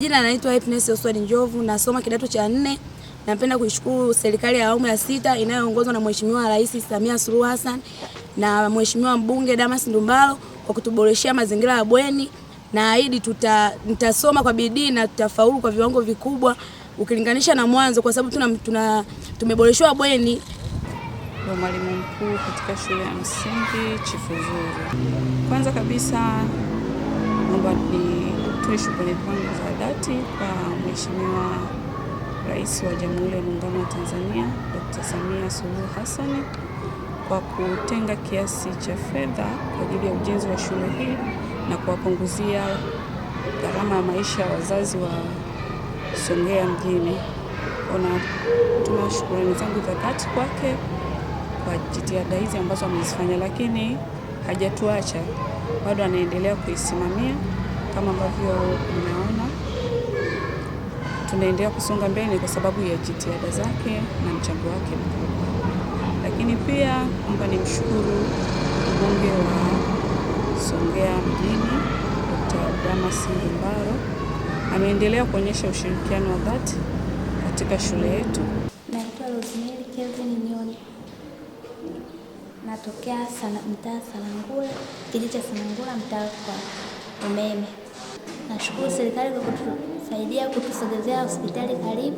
Jina naitwa Happiness Oswald Njovu, nasoma kidato cha nne. Napenda kuishukuru serikali ya awamu ya sita inayoongozwa na Mheshimiwa Rais Samia Suluhu Hassan na Mheshimiwa mbunge Damas Ndumbalo kwa kutuboreshea mazingira ya bweni. Naahidi tuta nitasoma kwa bidii na tutafaulu kwa viwango vikubwa ukilinganisha na mwanzo, kwa sababu tuna, tuna tumeboreshwa bweni. Ndio mwalimu mkuu katika shule ya msingi Chifuzuru. Kwanza kabisa naomba ni nitoe shukrani zangu za dhati kwa Mheshimiwa Rais wa Jamhuri ya Muungano wa Tanzania Dr. Samia Suluhu Hassan kwa kutenga kiasi cha fedha kwa ajili ya ujenzi wa shule hii na kuwapunguzia gharama ya maisha ya wazazi wa Songea mjini. Tuna shukrani zangu za dhati kwake kwa jitihada hizi ambazo amezifanya, lakini hajatuacha, bado anaendelea kuisimamia kama ambavyo mnaona tunaendelea kusonga mbele kwa sababu ya jitihada zake na mchango wake mkubwa. Lakini pia kwamba ni mshukuru mbunge wa Songea mjini Dr. Damas Ndumbaro, ameendelea kuonyesha ushirikiano wa dhati katika shule yetu. Naitwa Rosemary Kelvin Nyoni, natokea mtaa Salangula, kijiji cha Salangula, mtaa kwa umeme Nashukuru serikali kwa kutusaidia kutusogezea hospitali karibu,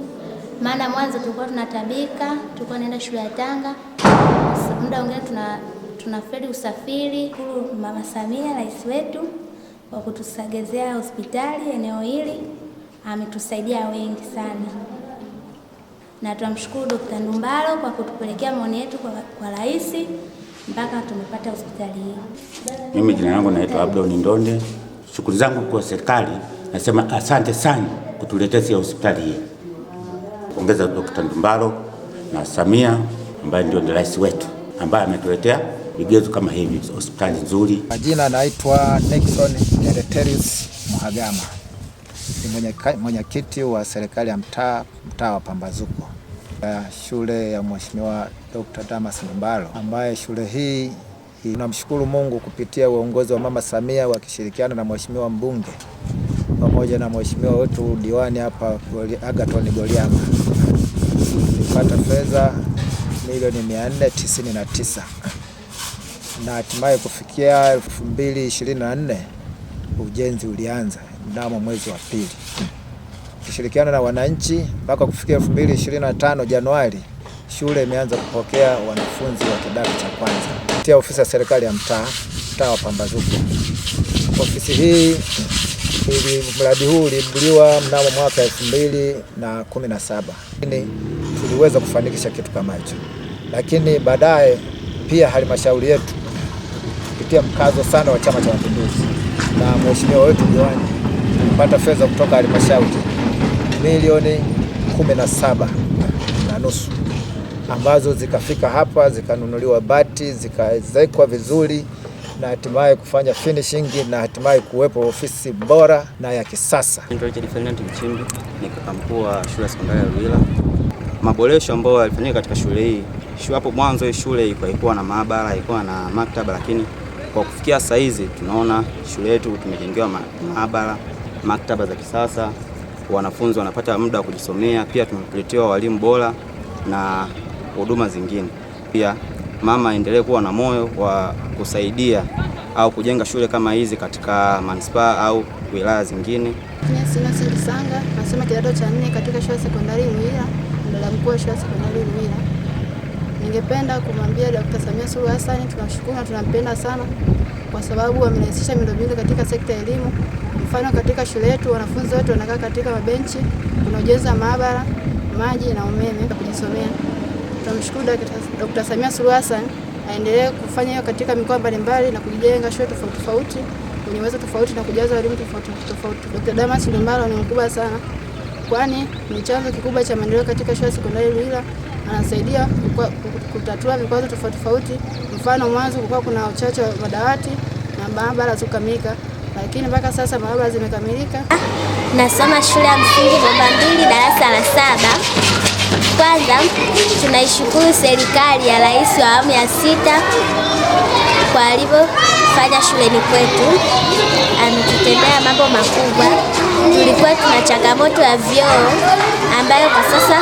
maana mwanzo tulikuwa tunatabika, tulikuwa naenda shule ya Tanga, muda mwingine tuna tunafeli usafiri. Shukuru Mama Samia, rais wetu, kwa kutusogezea hospitali eneo hili, ametusaidia wengi sana, na tunamshukuru Dkt. Ndumbaro kwa kutupelekea maoni yetu kwa, kwa rais mpaka tumepata hospitali hii. Mimi jina langu naitwa Abdoni Ndonde shukuri zangu kwa serikali, nasema asante sana kutuletea hospitali hii. pongeza Dr. Ndumbaro na Samia ambaye ndio rais wetu ambaye ametuletea vigezo kama hivi, hospitali nzuri. Majina anaitwa Nixon Dereterius Mhagama, ni mwenyekiti wa serikali ya mtaa mtaa wa Pambazuko, shule ya Mheshimiwa Dr. Damas Ndumbaro ambaye shule hii hii. Tunamshukuru Mungu kupitia uongozi wa Mama Samia wakishirikiana na mheshimiwa mbunge pamoja na mheshimiwa wetu diwani hapa agaton Goliama tulipata fedha milioni 499 na hatimaye kufikia 2024 ujenzi ulianza mnamo mwezi wa pili, kushirikiana na wananchi mpaka kufikia 2025 Januari shule imeanza kupokea wanafunzi wa kidato cha kwanza kupitia ofisi ya serikali ya mtaa mtaa wa Pambazuko. Ofisi hii ili mradi huu uliibuliwa mnamo mwaka elfu mbili na kumi na saba lakini tuliweza kufanikisha kitu kama hicho, lakini baadaye pia halmashauri yetu kupitia mkazo sana wa Chama cha Mapinduzi na mheshimiwa wetu Diwani kupata fedha kutoka halmashauri milioni kumi na saba na nusu ambazo zikafika hapa zikanunuliwa bati zikaezekwa vizuri na hatimaye kufanya finishing na hatimaye kuwepo ofisi bora na ya kisasa. Richard Ferdinand Mchimbi ni mkuu wa shule ya sekondari ya Luila. Maboresho ambayo yalifanyika katika shule hii, hapo mwanzo hii shule ilikuwa na maabara, ilikuwa na maktaba, lakini kwa kufikia saa hizi tunaona shule yetu tumejengewa maabara, maktaba za kisasa, wanafunzi wanapata muda wa kujisomea, pia tumeletewa walimu bora na huduma zingine. Pia mama aendelee kuwa na moyo wa kusaidia au kujenga shule kama hizi katika manispaa au wilaya zingine. Sinasisanga nasema kidato cha nne katika shule sekondari Luhila, mdada mkuu wa shule sekondari Luhila. Ningependa kumwambia Dkt. Samia Suluhu Hassan tunashukuru na tunampenda sana kwa sababu amerahisisha miundombinu katika sekta ya elimu. Mfano, katika shule yetu wanafunzi wote wanakaa katika mabenchi, kuna ujenzi wa maabara, maji na umeme kujisomea. Tunamshukuru Dkt. Samia Suluhu Hassan aendelee kufanya hiyo katika mikoa mbalimbali na kujenga shule tofauti tofauti wenye uwezo tofauti na kujaza walimu tofauti tofauti. Dkt. Damas Ndumbaro ni mkubwa sana, kwani ni chanzo kikubwa cha maendeleo katika shule sekondari Luhila. Anasaidia kutatua vikwazo tofauti tofauti. Mfano, mwanzo kulikuwa kuna uchache wa madawati na maabara zukamilika, lakini mpaka sasa maabara zimekamilika. Nasoma shule ya msingi namba mbili darasa la saba. Kwanza tunaishukuru serikali ya Rais wa awamu ya sita kwa alivyofanya shuleni kwetu, ametutendea mambo makubwa. Tulikuwa tuna changamoto ya vyoo ambayo kwa sasa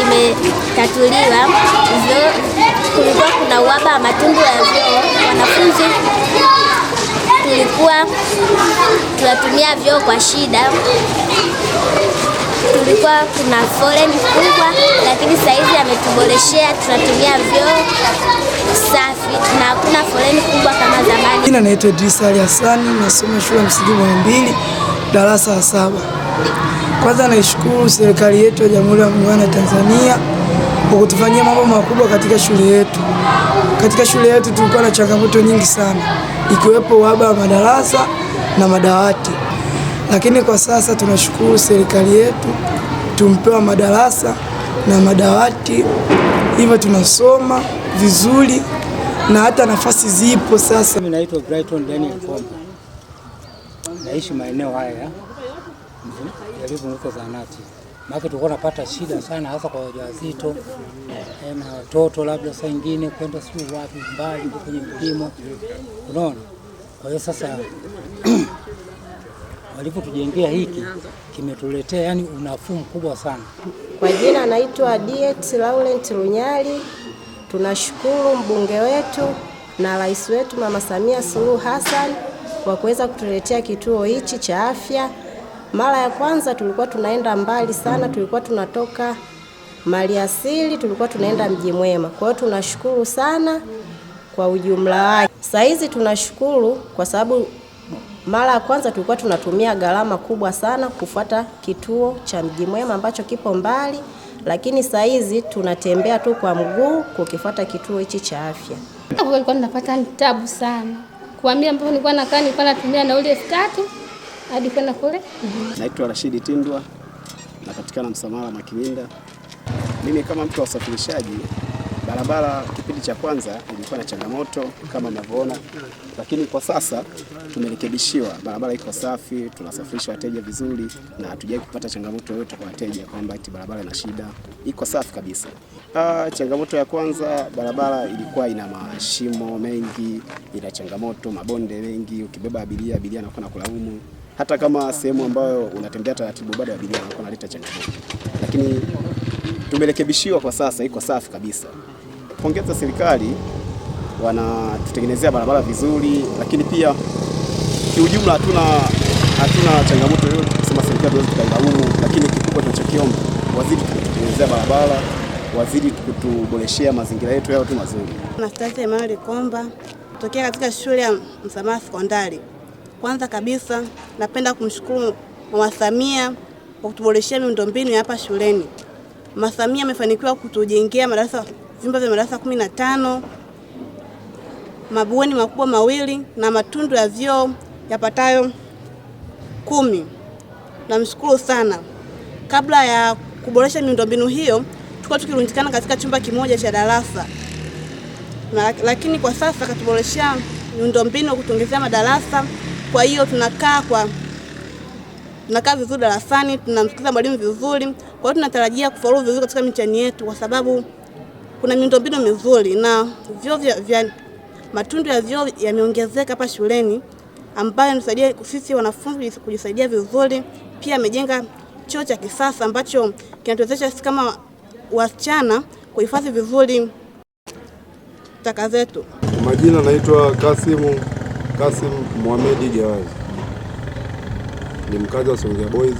imetatuliwa. Kulikuwa kuna uhaba wa matundu ya vyoo, wanafunzi tulikuwa tunatumia vyoo kwa shida tulikuwa kuna foleni kubwa, lakini sasa hivi ametuboreshea, tunatumia vyoo safi na hakuna foleni kubwa kama zamani. Mimi naitwa Idris Ali Hassani, nasoma shule ya msingi Muhimbili darasa la saba. Kwanza naishukuru serikali yetu ya Jamhuri ya Muungano wa Tanzania kwa kutufanyia mambo makubwa katika shule yetu. Katika shule yetu tulikuwa na changamoto nyingi sana, ikiwepo uhaba wa madarasa na madawati lakini kwa sasa tunashukuru serikali yetu, tumpewa madarasa na madawati, hivyo tunasoma vizuri na hata nafasi zipo sasa. Mimi naitwa Brighton Daniel Komba, naishi maeneo haya yalizunguka mhm. zahanati, maana tulikuwa tunapata shida sana, hasa kwa wajawazito eh, na watoto, labda saa nyingine kwenda siku wapi mbali kwenye mlimo, unaona. Kwa hiyo sasa walivyotujengea hiki kimetuletea yani unafuu mkubwa sana. Kwa jina anaitwa Diet Laurent Runyali. Tunashukuru mbunge wetu na rais wetu Mama Samia Suluhu Hassan kwa kuweza kutuletea kituo hichi cha afya. Mara ya kwanza tulikuwa tunaenda mbali sana, tulikuwa tunatoka Maliasili, tulikuwa tunaenda Mji Mwema. Kwa hiyo tunashukuru sana kwa ujumla wake. Saizi tunashukuru kwa sababu mara ya kwanza tulikuwa tunatumia gharama kubwa sana kufuata kituo cha Mji Mwema ambacho kipo mbali, lakini saa hizi tunatembea tu kwa mguu kukifuata kituo hichi cha afya. Nilikuwa ninapata tabu sana kuambia, ambapo nilikuwa nakaa nilikuwa natumia nauli elfu tatu hadi kwenda kule. Naitwa Rashidi Tindwa, napatikana Msamala Makiwinda. Mimi kama mtu wa usafirishaji Barabara kipindi cha kwanza ilikuwa na changamoto kama mnavyoona, lakini kwa sasa tumerekebishiwa, barabara iko safi, tunasafirisha wateja vizuri na hatujai kupata changamoto yoyote kwa wateja kwamba eti barabara ina shida, iko safi kabisa. Aa, ah, changamoto ya kwanza barabara ilikuwa ina mashimo mengi, ina changamoto, mabonde mengi, ukibeba abiria abiria anakuwa na kulaumu hata kama sehemu ambayo unatembea taratibu, bado abiria anakuwa analeta changamoto, lakini tumerekebishiwa kwa sasa, iko safi kabisa tunaipongeza serikali, wanatutengenezea barabara vizuri, lakini pia kiujumla hatuna hatuna changamoto yoyote kusema serikali iweze tukailaumu, lakini kikubwa tunachokiomba wazidi kututengenezea barabara, wazidi kutuboreshea mazingira yetu yao tu mazuri. Nastasi Emmanuel Komba tokea katika shule ya Msamaha Sekondari. Kwanza kabisa napenda kumshukuru Mama Samia kwa kutuboreshea miundombinu hapa shuleni. Mama Samia amefanikiwa kutujengea madarasa vyumba vya madarasa kumi na tano, mabweni makubwa mawili na matundu ya vyoo yapatayo kumi. Namshukuru sana. Kabla ya kuboresha miundombinu hiyo, tulikuwa tukirundikana katika chumba kimoja cha darasa na, lakini kwa sasa akatuboreshea miundombinu kutuongezea madarasa. Kwa hiyo tunakaa kwa tunakaa vizuri darasani, tunamsikiliza mwalimu vizuri. Kwa hiyo tunatarajia kufaulu vizuri katika mitihani yetu kwa sababu kuna miundombinu mizuri na vyoo vya matundu ya vyoo yameongezeka hapa shuleni ambayo inasaidia sisi wanafunzi kujisaidia vizuri. Pia amejenga choo cha kisasa ambacho kinatuwezesha sisi kama wasichana kuhifadhi vizuri taka zetu. majina naitwa Kasimu Kasim Muhamedi Jawazi, ni mkazi wa Songea Boys,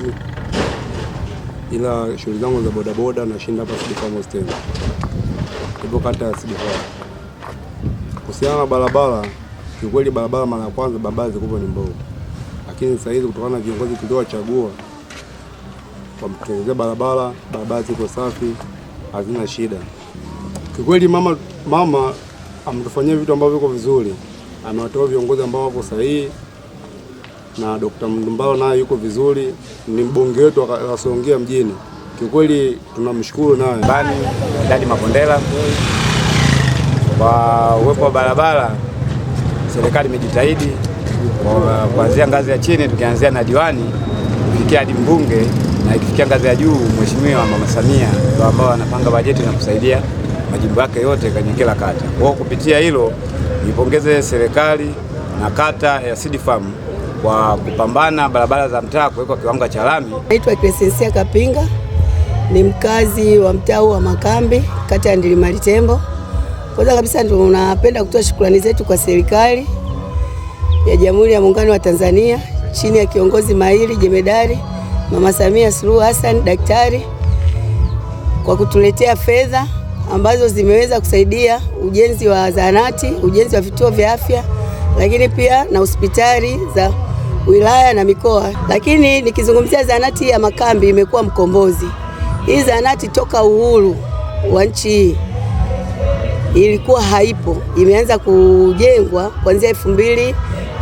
ila shughuli zangu za bodaboda nashinda hapa Stendi ipo kata ya Sidikwaya. Kuhusiana na barabara, kiukweli barabara mara ya kwanza barabara zilikuwa ni mbovu, lakini sasa hizi kutokana na viongozi tuliowachagua wametutengenezea barabara, barabara ziko safi, hazina shida. Kiukweli mama mama ametufanyia vitu ambavyo viko vizuri, amewatoa viongozi ambao wako sahihi na Dr. Mndumbaro naye yuko vizuri, ni mbunge wetu wa Songea mjini. Kiukweli tunamshukuru naye Bani Dadi Mapondela kwa uwepo wa barabara. Serikali imejitahidi kuanzia ngazi ya chini, tukianzia na diwani kufikia hadi mbunge na ikifikia ngazi ya juu, Mheshimiwa Mama Samia ndio ambao anapanga bajeti na kusaidia majimbo yake yote kwenye kila kata. Kwa kupitia hilo, nipongeze serikali na kata ya Farm kwa kupambana barabara za mtaa kuwekwa kiwango cha lami. Naitwa Kapinga ni mkazi wa mtaa wa Makambi, kata ya Ndilimali Tembo. Kwanza kabisa tunapenda kutoa shukrani zetu kwa serikali ya Jamhuri ya Muungano wa Tanzania chini ya kiongozi mahiri jemedari Mama Samia Suluhu Hassan daktari kwa kutuletea fedha ambazo zimeweza kusaidia ujenzi wa zahanati, ujenzi wa vituo vya afya, lakini pia na hospitali za wilaya na mikoa. Lakini nikizungumzia zahanati ya Makambi imekuwa mkombozi. Hii zahanati toka uhuru wa nchi hii ilikuwa haipo, imeanza kujengwa kuanzia elfu mbili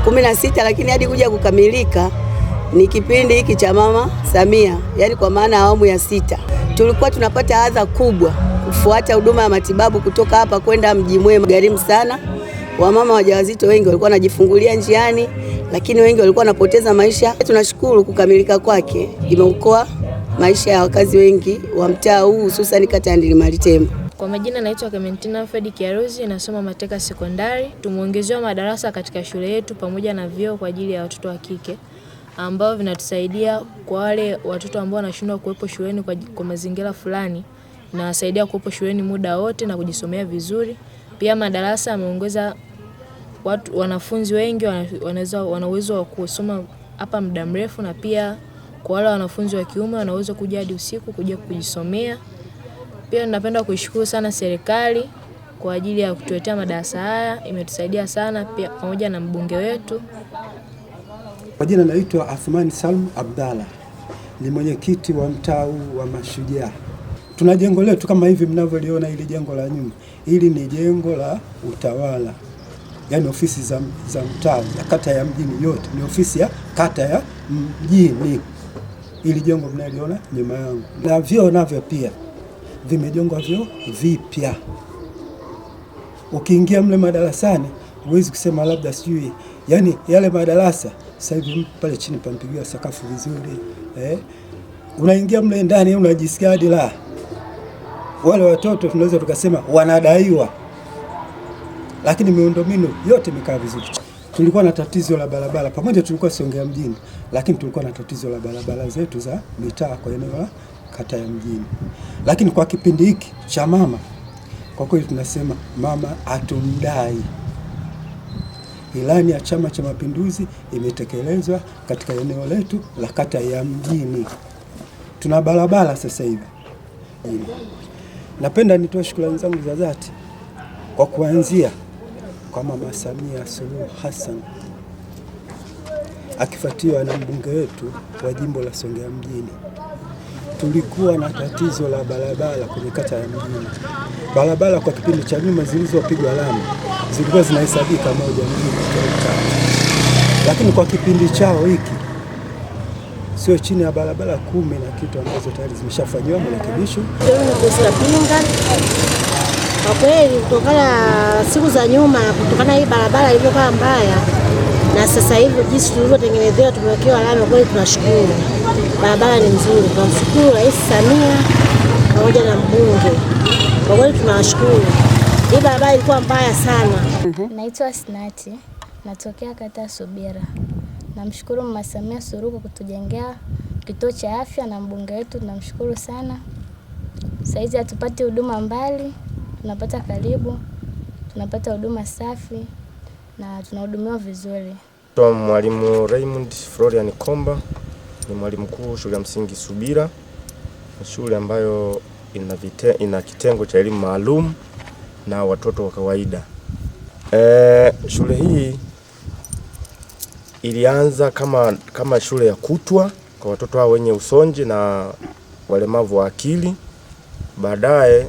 kumi na sita lakini hadi kuja kukamilika ni kipindi hiki cha Mama Samia, yaani kwa maana awamu ya sita. Tulikuwa tunapata adha kubwa kufuata huduma ya matibabu kutoka hapa kwenda Mji Mwema, gharimu sana. Wamama wajawazito wengi walikuwa wanajifungulia njiani, lakini wengi walikuwa wanapoteza maisha. Tunashukuru kukamilika kwake, imeokoa maisha ya wakazi wengi wa mtaa huu hususan kata ya Ndili Malitembo. Kwa majina naitwa Clementina Fred Kiaruzi, nasoma Mateka Sekondari. Tumeongezewa madarasa katika shule yetu pamoja na vyoo kwa ajili ya watoto wa kike ambao vinatusaidia kwa wale watoto ambao wanashindwa kuwepo shuleni kwa, kwa mazingira fulani, nawasaidia kuwepo shuleni muda wote na kujisomea vizuri. Pia madarasa yameongeza watu, wanafunzi wengi wanaweza wana uwezo wa kusoma hapa muda mrefu na pia kwa wale wanafunzi wa kiume wanaweza kuja hadi usiku kuja kujisomea. Pia napenda kuishukuru sana serikali kwa ajili ya kutuletea madarasa haya, imetusaidia sana pia pamoja na mbunge wetu. Kwa jina naitwa Athmani Salm Abdalla, ni mwenyekiti wa mtaa wa Mashujaa. Tuna jengo letu kama hivi mnavyoliona, hili jengo la nyuma, hili ni jengo la utawala, yaani ofisi za, za mtaa za kata ya mjini. Yote ni ofisi ya kata ya mjini ili jengo mnaliona nyuma yangu, na vyoo navyo pia vimejengwa vyoo vipya. Ukiingia mle madarasani huwezi kusema labda sijui, yani yale madarasa sasa hivi pale chini pampigiwa sakafu vizuri eh. Unaingia mle ndani unajisikia hadi la wale watoto tunaweza tukasema wanadaiwa, lakini miundombinu yote imekaa vizuri tulikuwa na tatizo la barabara pamoja, tulikuwa Songea mjini, lakini tulikuwa na tatizo la barabara zetu za mitaa kwa eneo la kata ya mjini. Lakini kwa kipindi hiki cha mama, kwa kweli tunasema mama hatumdai. Ilani ya Chama cha Mapinduzi imetekelezwa katika eneo letu la kata ya mjini, tuna barabara sasa hivi. Napenda nitoe shukrani zangu za dhati kwa kuanzia kwa Mama Samia Suluhu Hassan akifuatiwa na mbunge wetu wa jimbo la Songea mjini. Tulikuwa na tatizo la barabara kwenye kata ya mjini. Barabara kwa kipindi cha nyuma zilizopigwa lami zilikuwa zinahesabika moja mbili lakini kwa kipindi chao hiki sio chini ya barabara kumi na kitu ambazo tayari zimeshafanyiwa marekebisho. Kwa kweli kutokana siku za nyuma, kutokana hii barabara ilivyokuwa mbaya na sasa hivi jinsi tulivyotengenezewa, tumewekewa lami, kweli tunashukuru. Barabara ni nzuri, tunamshukuru Rais Samia pamoja na mbunge, kwa kweli tunawashukuru. Hii barabara ilikuwa mbaya sana. Mhm. Naitwa Sinati, natokea kata Subira. Namshukuru Mama Samia Suluhu kwa kutujengea kituo cha afya na mbunge wetu tunamshukuru sana. Saizi hatupati huduma mbali tunapata karibu, tunapata huduma safi na tunahudumiwa vizuri. Mwalimu Raymond Florian Komba ni mwalimu mkuu shule ya msingi Subira, shule ambayo ina, vite, ina kitengo cha elimu maalum na watoto wa kawaida. E, shule hii ilianza kama, kama shule ya kutwa kwa watoto hao wenye usonji na walemavu wa akili baadaye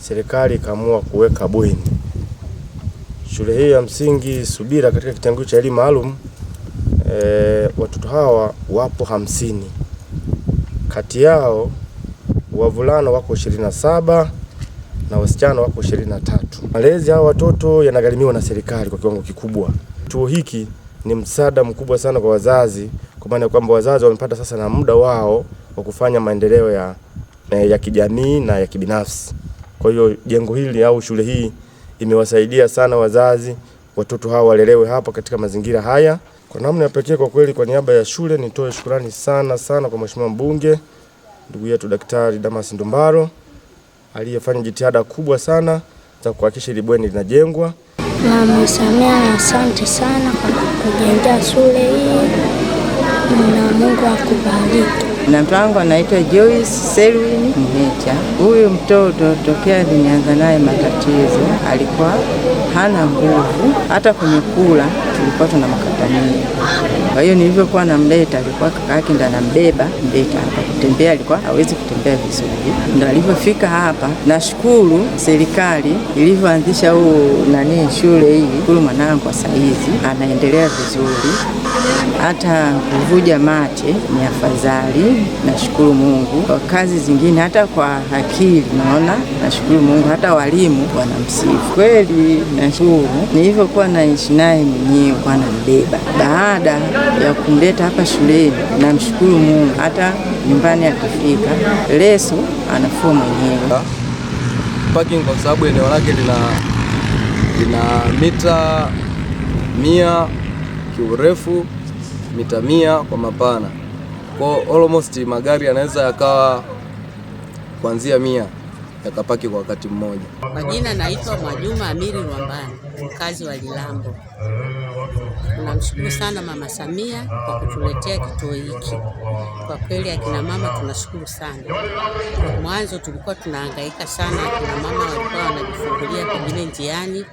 serikali ikaamua kuweka bweni. Shule hii ya msingi Subira katika kitengo cha elimu maalum e, watoto hawa wapo hamsini, kati yao wavulana wako ishirini na saba na wasichana wako ishirini na tatu. Malezi hawa watoto yanagharimiwa na serikali kwa kiwango kikubwa. Kituo hiki ni msaada mkubwa sana kwa wazazi, kwa maana kwamba wazazi wamepata sasa na muda wao wa kufanya maendeleo ya, eh, ya kijamii na ya kibinafsi. Kwa hiyo jengo hili au shule hii imewasaidia sana wazazi, watoto hawa walelewe hapa katika mazingira haya kwa namna ya pekee. Kwa kweli, kwa niaba ya shule nitoe shukrani sana sana kwa Mheshimiwa mbunge ndugu yetu Daktari Damas Ndumbaro aliyefanya jitihada kubwa sana za kuhakikisha hili bweni linajengwa. Mama Samia, asante sana kwa kujengea shule hii na Mungu akubariki na wangu anaitwa Joyce Selwin Mhecha. Huyu mtoto tokea nianza naye matatizo, alikuwa hana nguvu, hata kwenye kula tulikuwa tuna Mungu. Kwa hiyo nilivyokuwa namleta, alikuwa kaka yake ndo anambeba mbeka, kutembea alikuwa hawezi kutembea vizuri, ndo alivyofika hapa. Nashukuru serikali ilivyoanzisha huu nani shule hii, kulu, mwanangu kwa saizi anaendelea vizuri, hata kuvuja mate ni afadhali. Nashukuru Mungu kwa kazi zingine, hata kwa akili naona, nashukuru Mungu, hata walimu wanamsifu kweli. Nashukuru nilivyokuwa naishi naye mwenyewe, kwa nambeba baada ya kumleta hapa shuleni, namshukuru Mungu, hata nyumbani akifika leso anafua mwenyewe. Parking kwa sababu eneo lake lina lina mita mia kiurefu, mita mia kwa mapana, kwa almost magari yanaweza yakawa kuanzia mia yakapaki kwa wakati mmoja. Majina naitwa Mwajuma Amiri Rwambani, mkazi wa Lilambo. Tunamshukuru sana Mama Samia kwa kutuletea kituo hiki. Kwa kweli akina mama tunashukuru sana. Mwanzo tulikuwa tunahangaika sana, akina mama walikuwa wanajifungulia pengine njiani.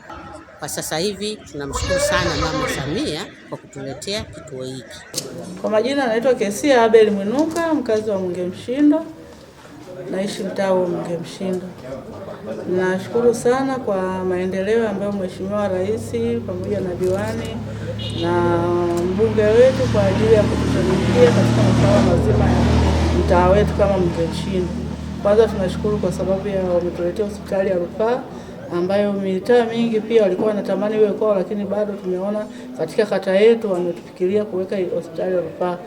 Kwa sasa hivi tunamshukuru sana Mama Samia kwa kutuletea kituo hiki. Kwa majina anaitwa Kesia Abel Mwinuka, mkazi wa Mwenge Mshindo naishi mtaa huu Mgemshindo. Nashukuru sana kwa maendeleo ambayo Mheshimiwa Rais pamoja na diwani na mbunge wetu kwa ajili ya kutushughulikia katika masuala mazima ya mtaa wetu kama Mgemshindo. Kwanza tunashukuru kwa sababu ya wametuletea hospitali ya rufaa ambayo mitaa mingi pia walikuwa wanatamani iwe kwao, lakini bado tumeona katika kata yetu wametufikiria kuweka hospitali ya rufaa,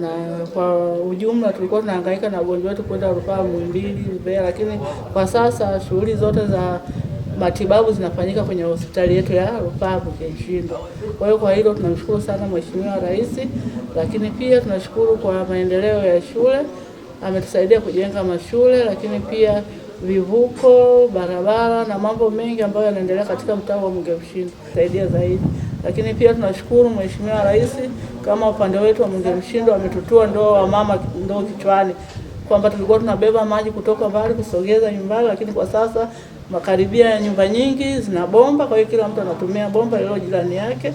na kwa ujumla tulikuwa tunahangaika na wagonjwa wetu kwenda rufaa Muhimbili, Mbeya, lakini kwa sasa shughuli zote za matibabu zinafanyika kwenye hospitali yetu ya rufaa Bukeshindo. Kwa hiyo kwa hilo tunamshukuru sana Mheshimiwa Rais, lakini pia tunashukuru kwa maendeleo ya shule, ametusaidia kujenga mashule, lakini pia vivuko, barabara na mambo mengi ambayo yanaendelea katika mtaa wa Mwingemshindo saidia zaidi. Lakini pia tunashukuru Mheshimiwa Rais, kama upande wetu wa Mwingemshindo ametutua ndoo wa mama ndoo kichwani, kwamba tulikuwa tunabeba maji kutoka mbali kusogeza nyumbani, lakini kwa sasa makaribia ya nyumba nyingi zina bomba, kwa hiyo kila mtu anatumia bomba lilo jirani yake.